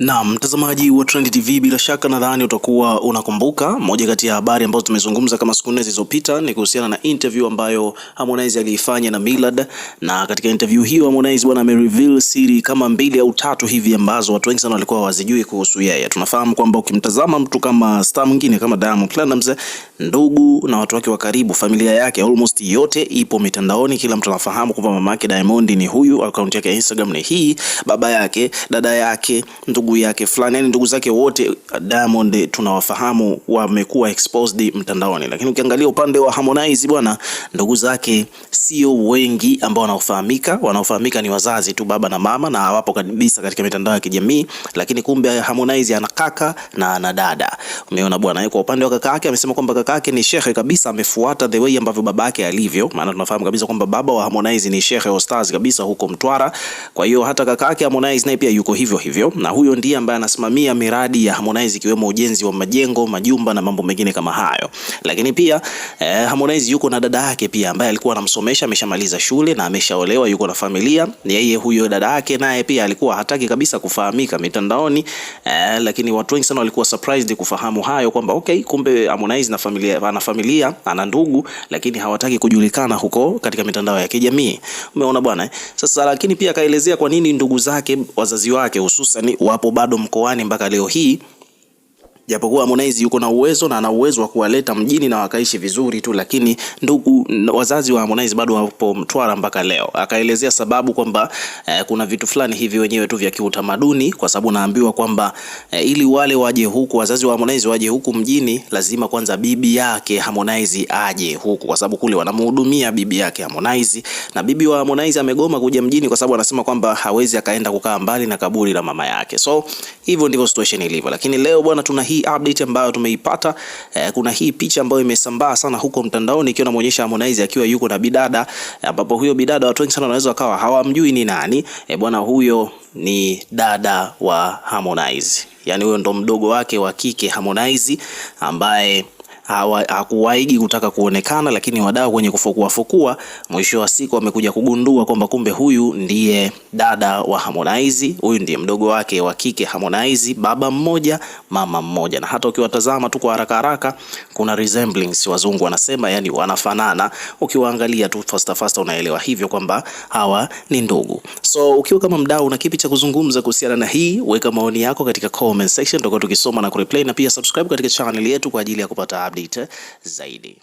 Na mtazamaji wa Trend TV, bila shaka nadhani utakuwa unakumbuka moja kati ya habari ambazo tumezungumza kama siku nne zilizopita ni kuhusiana na interview ambayo Harmonize aliifanya na Millard, na katika interview hiyo Harmonize bwana amereveal siri kama mbili au tatu hivi ambazo watu wengi sana walikuwa wazijui kuhusu yeye. Tunafahamu kwamba ukimtazama mtu kama star mwingine kama Diamond Platnumz, ndugu na watu wake wa karibu, familia yake almost yote ipo mitandaoni. Kila mtu anafahamu kwamba mama yake Diamond ni huyu, account yake ya Instagram ni hii, baba yake, dada yake, ndugu ndugu yake fulani, yani ndugu zake wote Diamond tunawafahamu wamekuwa exposed mtandaoni, lakini ukiangalia upande wa Harmonize bwana, ndugu zake sio wengi ambao wanaofahamika. Wanaofahamika ni wazazi tu, baba na mama, na hawapo kabisa katika mitandao ya kijamii. Lakini kumbe Harmonize ana kaka na ana dada, umeona bwana. Kwa upande wa kaka yake amesema kwamba kaka yake ni shehe kabisa, amefuata the way ambavyo baba yake alivyo, maana tunafahamu kabisa kwamba baba wa Harmonize ni shehe ostaz kabisa huko Mtwara. Kwa hiyo hata kaka yake Harmonize naye pia yuko hivyo hivyo, na huyo ndiye ambaye anasimamia miradi ya Harmonize ikiwemo ujenzi wa majengo, majumba na mambo mengine kama hayo. Lakini pia eh, Harmonize yuko na dada yake pia ambaye alikuwa anamsomesha, ameshamaliza shule na ameshaolewa, yuko na familia. Yeye huyo dada yake naye pia alikuwa hataki kabisa kufahamika mitandaoni eh, lakini watu wengi sana walikuwa surprised kufahamu hayo kwamba okay, kumbe Harmonize na familia, ana familia, ana ndugu lakini hawataki kujulikana huko katika mitandao ya kijamii. Umeona bwana eh? Sasa lakini pia akaelezea kwa nini ndugu zake, wazazi wake hususan wa hapo bado mkoani mpaka leo hii japokuwa Harmonize yuko na uwezo na ana uwezo wa kuwaleta mjini na wakaishi vizuri tu, lakini ndugu wazazi wa Harmonize bado wapo Mtwara mpaka leo. Akaelezea sababu kwamba eh, kuna vitu fulani hivi wenyewe tu vya kiutamaduni, kwa sababu naambiwa kwamba eh, ili wale waje huku wazazi wa Harmonize waje huku mjini, lazima kwanza bibi yake Harmonize aje huku, kwa sababu kule wanamhudumia bibi yake Harmonize, na bibi wa Harmonize amegoma kuja mjini kwa sababu anasema kwamba hawezi akaenda kukaa mbali na kaburi la mama yake. So hivyo ndivyo situation ilivyo, lakini leo bwana tuna hii hii update ambayo tumeipata eh, kuna hii picha ambayo imesambaa sana huko mtandaoni ikiwa inamuonyesha Harmonize akiwa yuko na bidada, ambapo huyo bidada watu wengi sana wanaweza wakawa hawamjui ni nani. Eh, bwana huyo ni dada wa Harmonize, yani huyo ndo mdogo wake wa kike Harmonize ambaye hakuwaigi kutaka kuonekana, lakini wadau kwenye fukua, mwisho wa siku wamekuja kugundua kwamba kumbe huyu ndiye dada wa Harmonize, huyu ndiye mdogo wake wa kike Harmonize, baba mmoja mama mmoja. Na hata ukiwatazama tu kwa haraka haraka, kuna resemblance wazungu wanasema, yani wanafanana. Ukiwaangalia tu fasta fasta, unaelewa hivyo kwamba hawa ni ndugu. So ukiwa kama mdau, na kipi cha kuzungumza kuhusiana na hii, weka maoni yako katika comment section, tutakuwa tukisoma na kureplay, na pia subscribe katika channel yetu kwa ajili ya kupata update Morita zaidi.